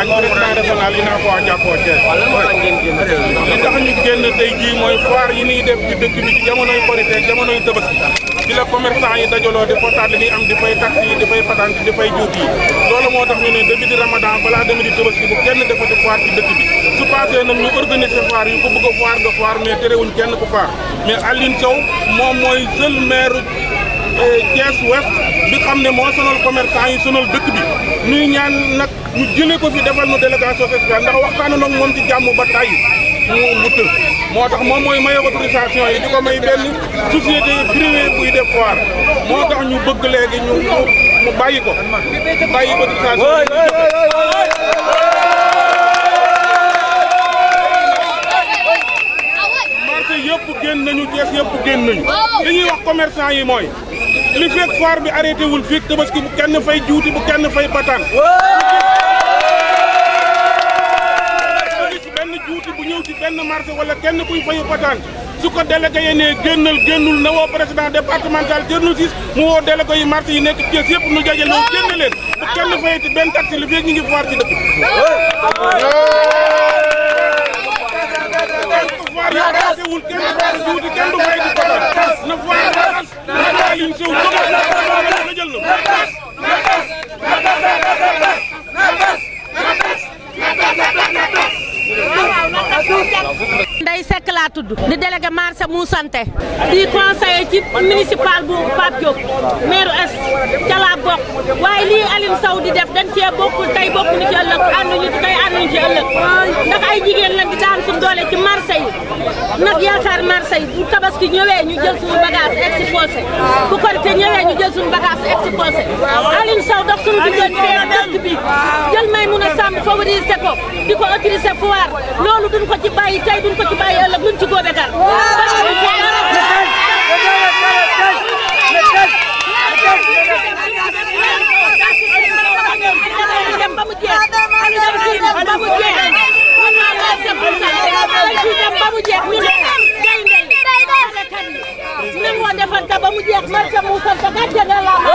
ak président régional yi naa ko waa jàppoo li tax ñu génn tey jii mooy foire yi ñuy def ci dëkk bi ci jamonoy korite jamonoy tabaski ci la commerçant yi dajaloo di fotaat li ñuy am di fay taxes di fay patente di fay juut yi loolu moo tax ñu ne début di ramadan balaa demi di tabaski bu kenn defati foire ci dëkk bi su passé nag ñu organiser foire yu ko bëgg a foire nga foire mais kenn ku foire mais Aline moom mooy seul maire Euh, Thiès Ouest bi xam ne moo sonal commerçant yi sonal dëkk bi ñuy ñaan nag ñu jëlee ko fi defal nu délégation spéciale ndax waxtaan nag moom ci jàmm ba tàyyi mu tël moo tax moom mooy may autorisation yi di ko may benn société privée buy def foire moo tax ñu bëgg léegi ñu mu bàyyi ko bàyyi ko autorisation yëpp génn nañu Thiès yëpp génn nañu li ñuy wax commerçant yi mooy li fekk bi arrêté wul fii tabaski bu kenn fay juuti bu kenn fay bataan juuti bu ñëw ci benn marché wala kenn kuy fayu bataan su ko délégué yi ne génnal génnul na woo président départemental Thierno Ciss mu woo délégué yi marché yi nekk Thiès yëpp nu jajal ñu génn leen bu kenn fayati benn taxi li fekk ñu ngi foire ci dëkk wul kenn du di ko tas na fay tudd di délégué marché Moussante ci municipal bu Pape Diop maire est ca bokk waaye lii Alioune Sow di def dañ cee tey bokkuñu ci ëllëg ànduñu tey ànduñu ci ëllëg ndax ay jigéen lañ di daan suñu doole ci marché yi Dakar Marseille bu tabaski ñëwee ñu jël suñu bagage exposé bu korite ñëwee ñu jël suñu bagage exposé Aliou Sow dox suñu diggante dëkk bi jël may mun a sàmm favoriser ko di ko utiliser foire loolu duñ ko ci bàyyi tey duñ ko ci bàyyi ëllëg luñ ci góobe gar macam musa tagaja na lama